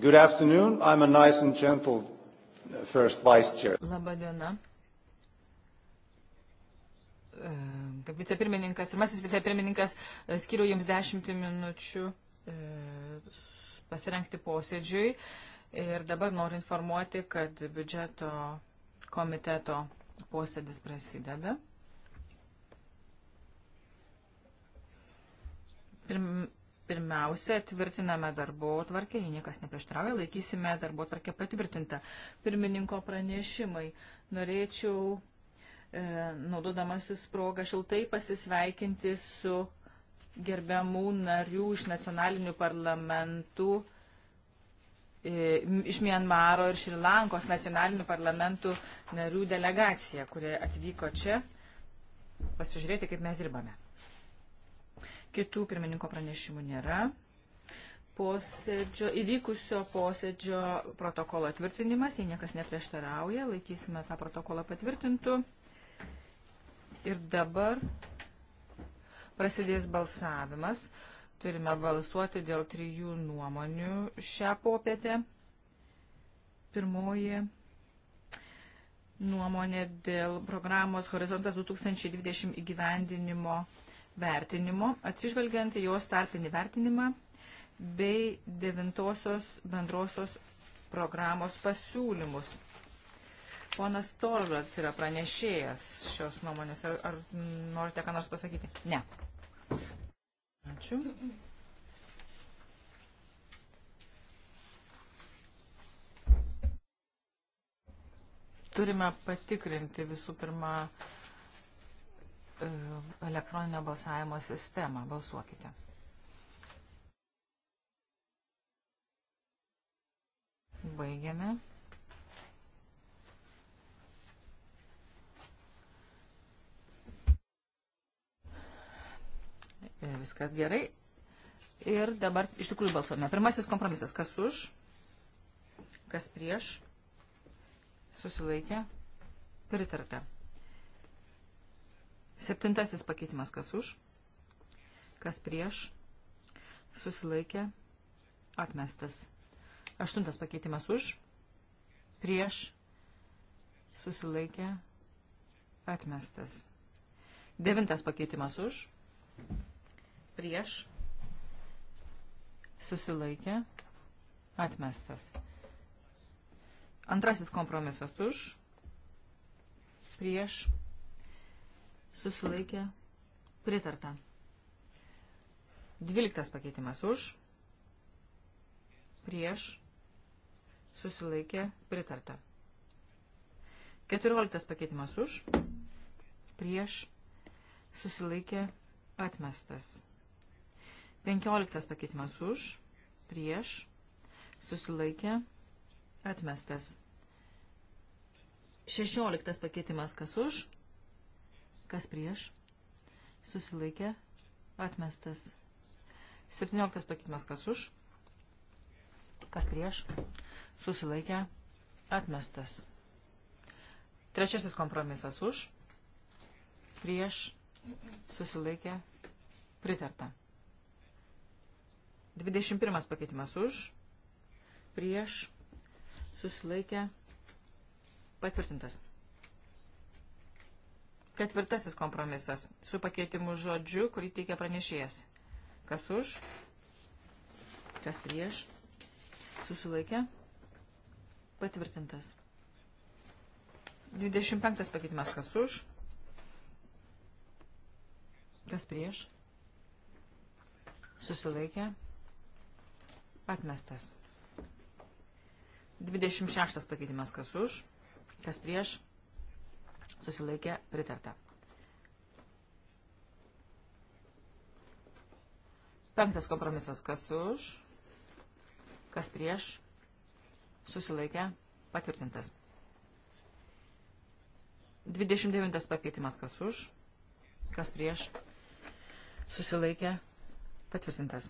Good afternoon. I'm a nice and gentle uh, first vice chair. Labadiena. E, kaip vicepirmininkas, pirmasis vicepirmininkas, e, skiriu jums dešimt minučių e, pasirengti posėdžiui. Ir dabar noriu informuoti, kad biudžeto komiteto posėdis prasideda. Pirm, Pirmiausia, tvirtiname darbo tvarkę, jei niekas neprieštrauja, laikysime darbo tvarkę patvirtintą. Pirmininko pranešimai. Norėčiau, e, naudodamasis progą, šiltai pasisveikinti su gerbiamų narių iš nacionalinių parlamentų, e, iš Mianmaro ir Šrilankos nacionalinių parlamentų narių delegacija, kurie atvyko čia pasižiūrėti, kaip mes dirbame. Kitų pirmininko pranešimų nėra. Posėdžio, įvykusio posėdžio protokolo tvirtinimas, jei niekas neprieštarauja, laikysime tą protokolą patvirtintų. Ir dabar prasidės balsavimas. Turime balsuoti dėl trijų nuomonių šią popietę. Pirmoji nuomonė dėl programos Horizontas 2020 įgyvendinimo vertinimo, atsižvelgiant į jos tarpinį vertinimą bei devintosios bendrosios programos pasiūlymus. Ponas Torvats yra pranešėjas šios nuomonės. Ar, ar norite ką nors pasakyti? Ne. Ačiū. Turime patikrinti visų pirma E, elektroninio balsavimo sistemą. Balsuokite. Baigiame. E, viskas gerai. Ir dabar iš tikrųjų balsuojame. Pirmasis kompromisas. Kas už? Kas prieš? Susilaikė? Pritarta. Septintasis pakeitimas kas už, kas prieš, susilaikė, atmestas. Aštuntas pakeitimas už, prieš, susilaikė, atmestas. Devintas pakeitimas už, prieš, susilaikė, atmestas. Antrasis kompromisas už, prieš, susilaikė susilaikė, pritarta. Dvyliktas pakeitimas už, prieš, susilaikė, pritarta. Keturioliktas pakeitimas už, prieš, susilaikė, atmestas. Penkioliktas pakeitimas už, prieš, susilaikė, atmestas. Šešioliktas pakeitimas kas už, prieš Kas prieš? Susilaikė. Atmestas. 17 pakeitimas. Kas už? Kas prieš? Susilaikė. Atmestas. Trečiasis kompromisas už. Prieš. Susilaikė. Pritarta. 21 pakeitimas už. Prieš. Susilaikė. Patvirtintas. Ketvirtasis kompromisas su pakeitimu žodžiu, kurį teikia pranešėjas. Kas už? Kas prieš? Susilaikė? Patvirtintas. 25 pakeitimas kas už? Kas prieš? Susilaikė? Atmestas. 26 pakeitimas kas už? Kas prieš? susilaikė pritarta. Penktas kompromisas, kas už, kas prieš, susilaikė patvirtintas. 29 pakeitimas, kas už, kas prieš, susilaikė patvirtintas.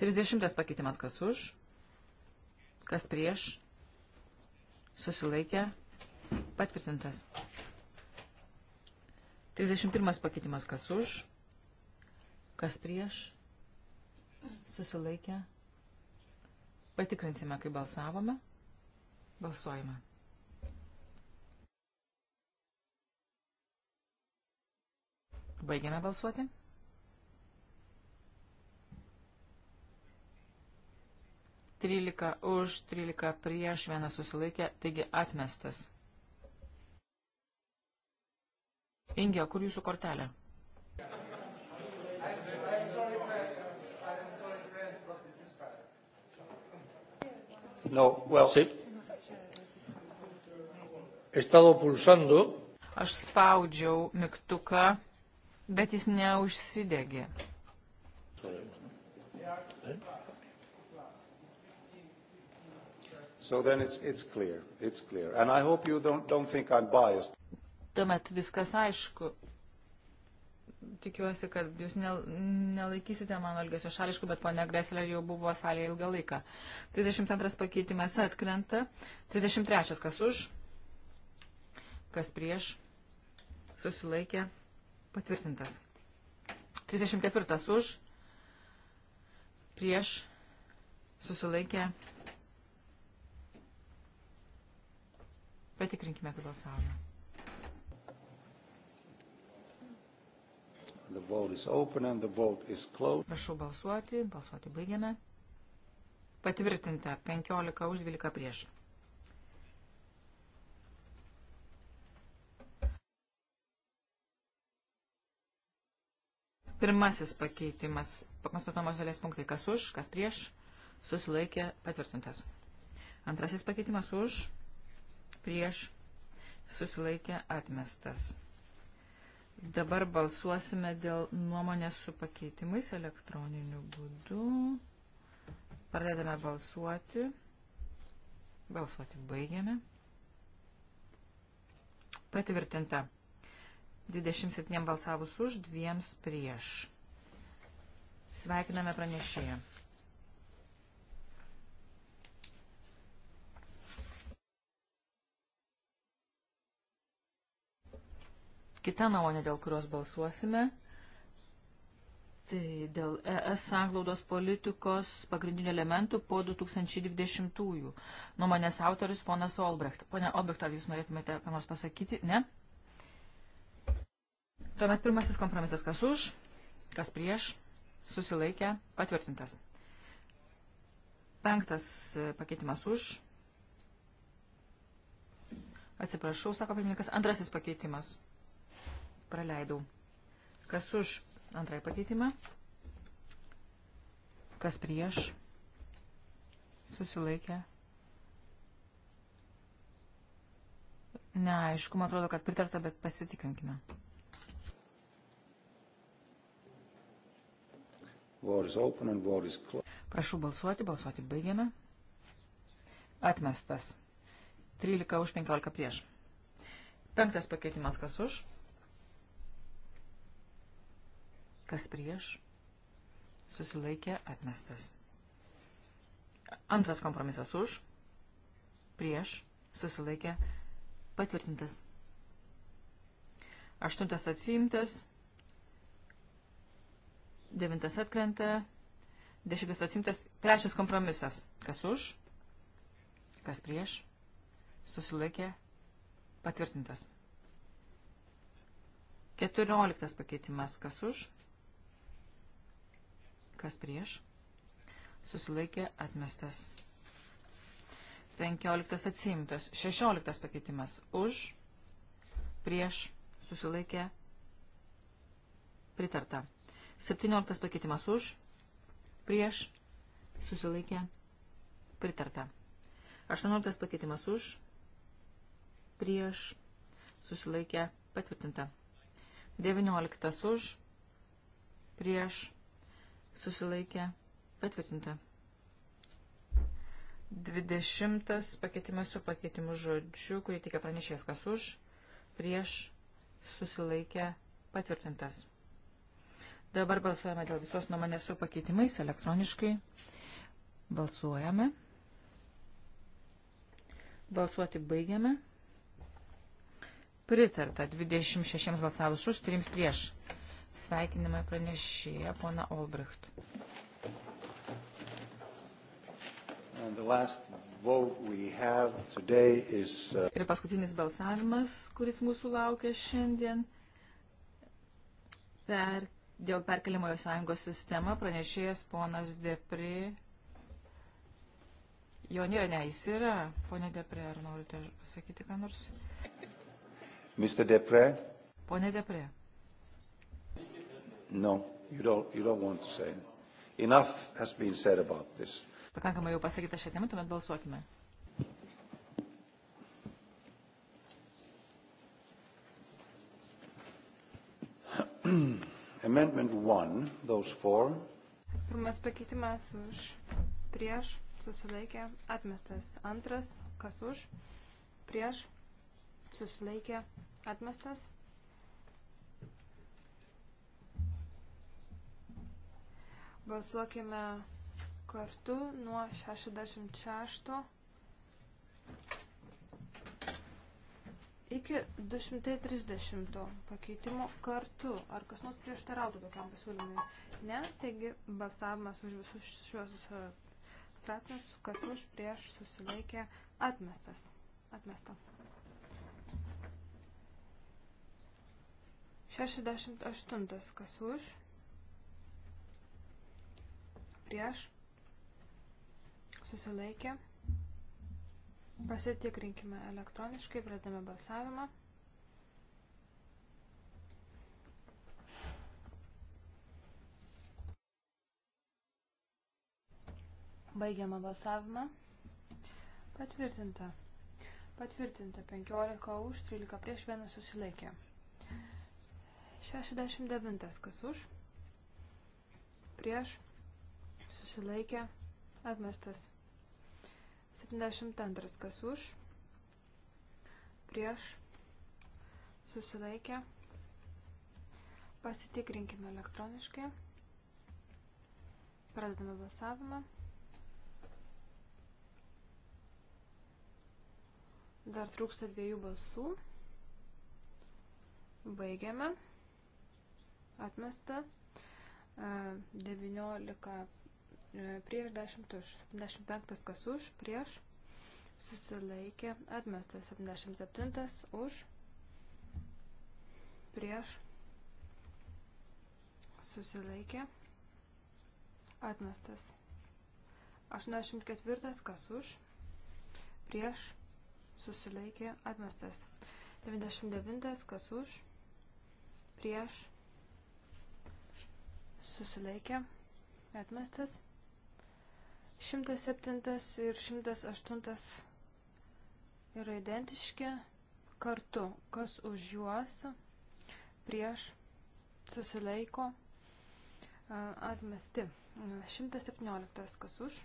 30 pakeitimas, kas už, kas prieš, susilaikė patvirtintas Patvirtintas. 31 pakeitimas kas už, kas prieš, susilaikė. Patikrinsime, kai balsavome. Balsuojame. Baigiame balsuoti. Trylika už, trylika prieš, vienas susilaikė, taigi atmestas. Inge, kur jūsų kortelė? No, well, sí. He estado pulsando. Aš spaudžiau mygtuką, bet jis neužsidegė. So then it's, it's clear. It's clear. And I hope you don't, don't think I'm biased tuomet viskas aišku. Tikiuosi, kad jūs nelaikysite mano elgesio šališku, bet ponia Gresler jau buvo salėje ilgą laiką. 32 pakeitimas atkrenta. 33 kas už, kas prieš, susilaikė, patvirtintas. 34 už, prieš, susilaikė. Patikrinkime, kad balsavome. The vote is open and the vote is closed. Prašau balsuoti, balsuoti baigiame. Patvirtinta 15 už 12 prieš. Pirmasis pakeitimas. Konstatuomos dalies punktai. Kas už, kas prieš. Susilaikė patvirtintas. Antrasis pakeitimas už, prieš. Susilaikė atmestas. Dabar balsuosime dėl nuomonės su pakeitimais elektroniniu būdu. Pradedame balsuoti. Balsuoti baigiame. Patvirtinta. 27 balsavus už, 2 prieš. Sveikiname pranešėją. Kita nuomonė, dėl kurios balsuosime, tai dėl ES sanglaudos politikos pagrindinių elementų po 2020-ųjų. Nuomonės autorius ponas Olbrecht. Pone Olbrecht, ar jūs norėtumėte ką nors pasakyti? Ne? Tuomet pirmasis kompromisas, kas už, kas prieš, susilaikė, patvirtintas. Penktas e, pakeitimas už. Atsiprašau, sako pirmininkas, antrasis pakeitimas praleidau. Kas už antrąjį pakeitimą? Kas prieš? Susilaikė. Neaišku, man atrodo, kad pritarta, bet pasitikrinkime. Prašau balsuoti, balsuoti baigiame. Atmestas. 13 už 15 prieš. Penktas pakeitimas kas už? Kas prieš? Susilaikė atmestas. Antras kompromisas už. Prieš. Susilaikė patvirtintas. Aštuntas atsiimtas. Devintas atkrenta. Dešimtas atsimtas. Trečias kompromisas. Kas už? Kas prieš? Susilaikė patvirtintas. Keturioliktas pakeitimas. Kas už? Kas prieš? Susilaikė atmestas. 15 atsimtas. 16 pakeitimas. Už. Prieš. Susilaikė. Pritarta. 17 pakeitimas. Už. Prieš. Susilaikė. Pritarta. 18 pakeitimas. Už. Prieš. Susilaikė. Patvirtinta. 19 už. Prieš susilaikė patvirtinta. 20 pakeitimas su pakeitimu žodžiu, kurį tik pranešės kas už, prieš susilaikė patvirtintas. Dabar balsuojame dėl visos nuomonės su pakeitimais elektroniškai. Balsuojame. Balsuoti baigiame. Pritarta 26 balsavus už, 3 prieš. Sveikinimai pranešėja pona Olbricht. Is, uh... Ir paskutinis balsavimas, kuris mūsų laukia šiandien per, dėl perkelimojo sąjungos sistema, pranešėjas ponas Depri. Jo nėra, ne, jis yra. Pone Depri, ar norite pasakyti ką nors? Mr. Depri. Pone Depri. No, you don't, you don't want to say. Enough has been said about this. Pakankamai jau pasakyta šią temą, tuomet balsuokime. Amendment 1, those four. Pirmas pakeitimas už prieš susilaikė atmestas. Antras, kas už, prieš susilaikė atmestas. Balsuokime kartu nuo 66 iki 230 pakeitimo kartu. Ar kas nors prieštarautų tokiam pasiūlymui? Ne, taigi balsavimas už visus šios e, straipsnius, kas už prieš susilaikė atmestas. Atmesta. 68. Kas už? prieš, susilaikė. Pasitikrinkime elektroniškai, pradame balsavimą. Baigiamą balsavimą. Patvirtinta. Patvirtinta 15 už, 13 prieš, 1 susilaikė. 69 kas už, prieš, susilaikė, atmestas. 72 kas už, prieš, susilaikė, pasitikrinkime elektroniškai, pradedame balsavimą. Dar trūksta dviejų balsų. Baigiame. Atmesta. 19 prieš 10 už. 75 kas už, prieš susilaikė, atmestas 77 už, prieš susilaikė, atmestas 84 kas už, prieš susilaikė, atmestas 99 kas už, prieš susilaikė, atmestas 107 ir 108 yra identiški kartu, kas už juos prieš susilaiko atmesti. 117 kas už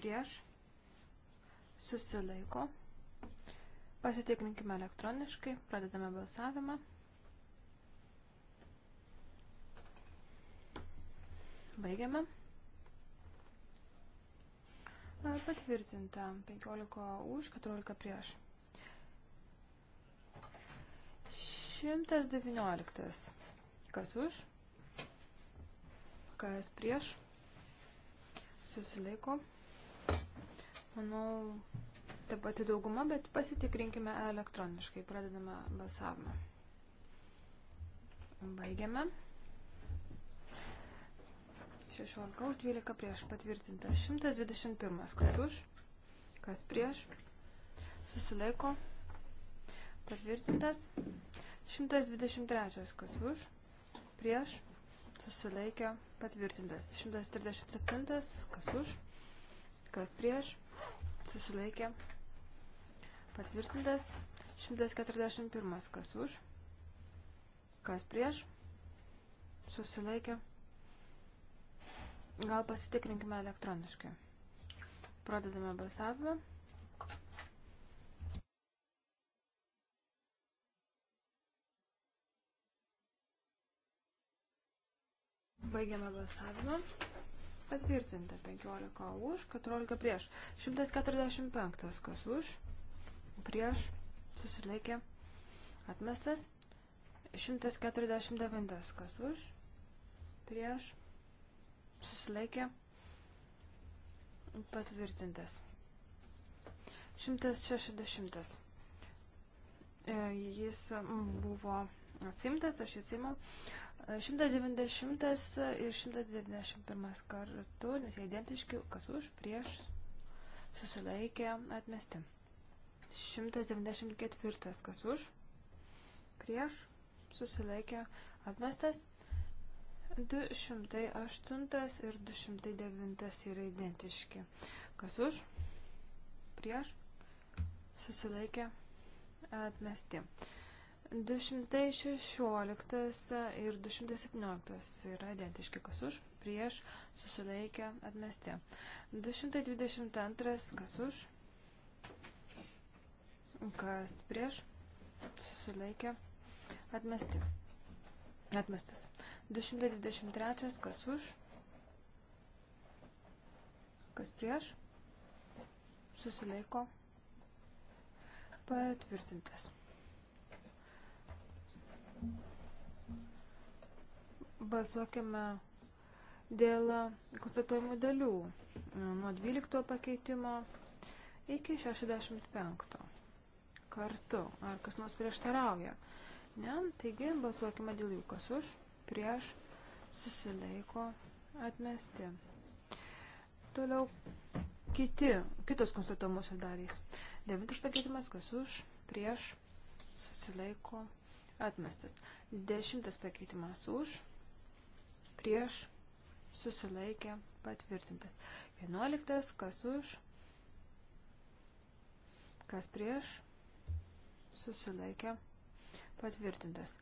prieš susilaiko. Pasitikrinkime elektroniškai, pradedame balsavimą. Baigiame. Patvirtinta 15 už, 14 prieš. 119. Kas už? Kas prieš? Susilaiko. Manau, ta pati dauguma, bet pasitikrinkime elektroniškai. Pradedame balsavimą. Baigiame. 16 už 12 prieš patvirtinta. 121. Kas už? Kas prieš? Susilaiko. Patvirtintas. 123. Kas už? Prieš. Susilaikė. Patvirtintas. 137. Kas už? Kas prieš? Susilaikė. Patvirtintas. 141. Kas už? Kas prieš? Susilaikė. Gal pasitikrinkime elektroniškai. Pradedame balsavimą. Baigiame balsavimą. Patvirtinta 15 už, 14 prieš. 145 kas už, prieš, susilaikė, atmestas. 149 kas už, prieš, susilaikė, patvirtintas. 160. E, jis buvo atsimtas, aš atsimu. 190 e, ir 191 kartu, nes jie identiški, kas už, prieš, susilaikė, atmesti. 194 kas už, prieš, susilaikė, atmestas. 208 ir 209 yra identiški. Kas už? Prieš? Susilaikė? Atmesti. 216 ir 217 yra identiški. Kas už? Prieš? Susilaikė? Atmesti. 222. Kas už? Kas prieš? Susilaikė? Atmesti. Atmestas. 223, kas už, kas prieš, susilaiko, patvirtintas. Balsuokime dėl konstatuojimų dalių nuo 12 pakeitimo iki 65 kartu. Ar kas nors prieštarauja? Ne, taigi balsuokime dėl jų, kas už prieš, susilaiko, atmesti. Toliau kiti, kitos konstatuomosios dalys. Devintas pakeitimas, kas už, prieš, susilaiko, atmestas. Dešimtas pakeitimas už, prieš, susilaikė, patvirtintas. Vienuoliktas, kas už, kas prieš, susilaikė, patvirtintas.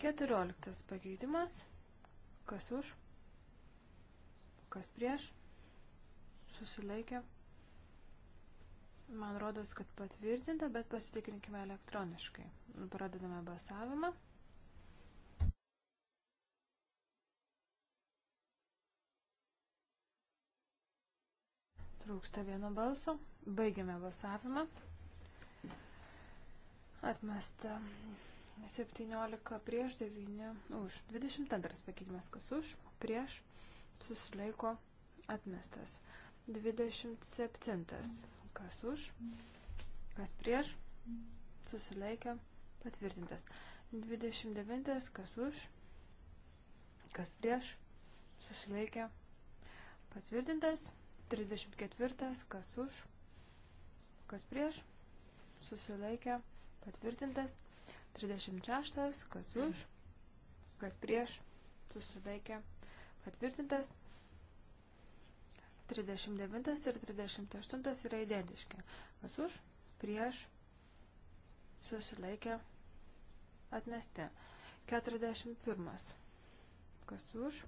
Keturioliktas pakeitimas. Kas už? Kas prieš? Susilaikė. Man rodos, kad patvirtinta, bet pasitikrinkime elektroniškai. Pradedame balsavimą. Trūksta vieno balso. Baigiame balsavimą. Atmesta. 17 prieš 9 už. 22 pakeitimas kas už, prieš susilaiko atmestas. 27 kas už, kas prieš susilaikė patvirtintas. 29 kas už, kas prieš susilaikė patvirtintas. 34 kas už, kas prieš susilaikė patvirtintas. 36, kas už, kas prieš, susilaikė, patvirtintas. 39 ir 38 yra identiški. Kas už, prieš, susilaikė, atmesti. 41. Kas už,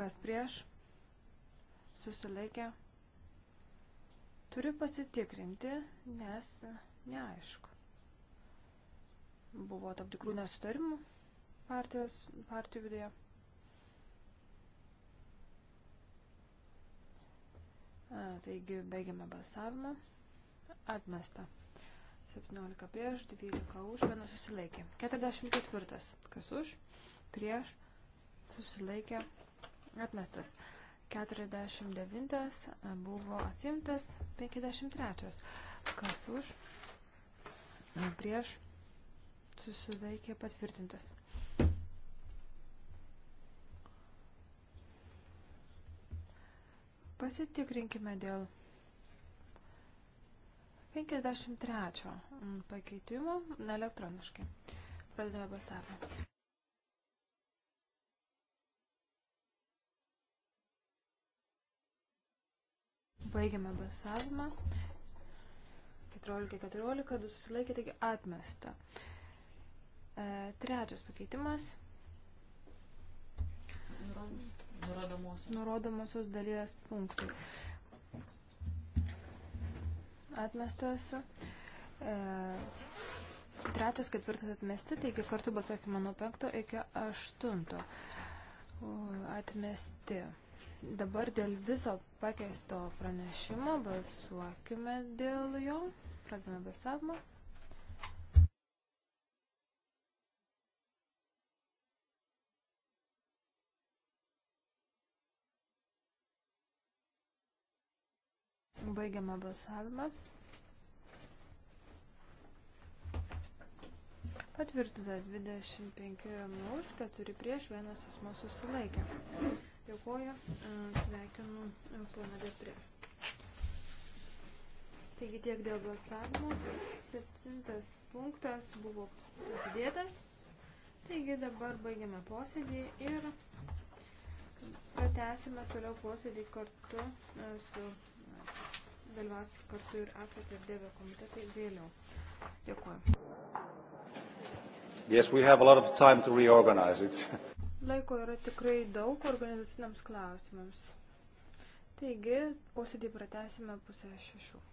kas prieš, susilaikė. Turiu pasitikrinti, nes neaišku. Buvo tam tikrų nesutarimų partijos, partijų viduje. Taigi baigiame balsavimą. Atmesta. 17 prieš, 12 už, vienas susilaikė. 44. Kas už? Prieš, susilaikė, atmestas. 49 buvo atsimtas, 53. Kas už? Prieš, susilaikė patvirtintas. Pasitikrinkime dėl 53 mm, pakeitimo elektroniškai. Pradedame balsavimą. Baigiame balsavimą. 14, 14, 2 susilaikė, taigi atmesta. E, trečias pakeitimas. Nurodomosios, Nurodomosios dalies punktai. Atmestas. E, trečias, ketvirtas atmesti, taigi kartu balsuokime nuo penkto iki aštunto. Atmesti. Dabar dėl viso pakeisto pranešimo balsuokime dėl jo. Pradame balsavimą. Baigiame balsavimą. Patvirtinta 25 už, 4 prieš, vienas asmo susilaikė. Dėkuoju, mm, sveikinu mm, poną Deprė. Taigi tiek dėl balsavimo. Septintas punktas buvo atidėtas. Taigi dabar baigiame posėdį ir pratęsime toliau posėdį kartu mm, su dalyvaus kartu ir AFET ir DV komitetai vėliau. Dėkuoju. Yes, we have a lot of time to reorganize it. Laiko yra tikrai daug organizaciniams klausimams. Taigi, posėdį pratesime pusę šešių.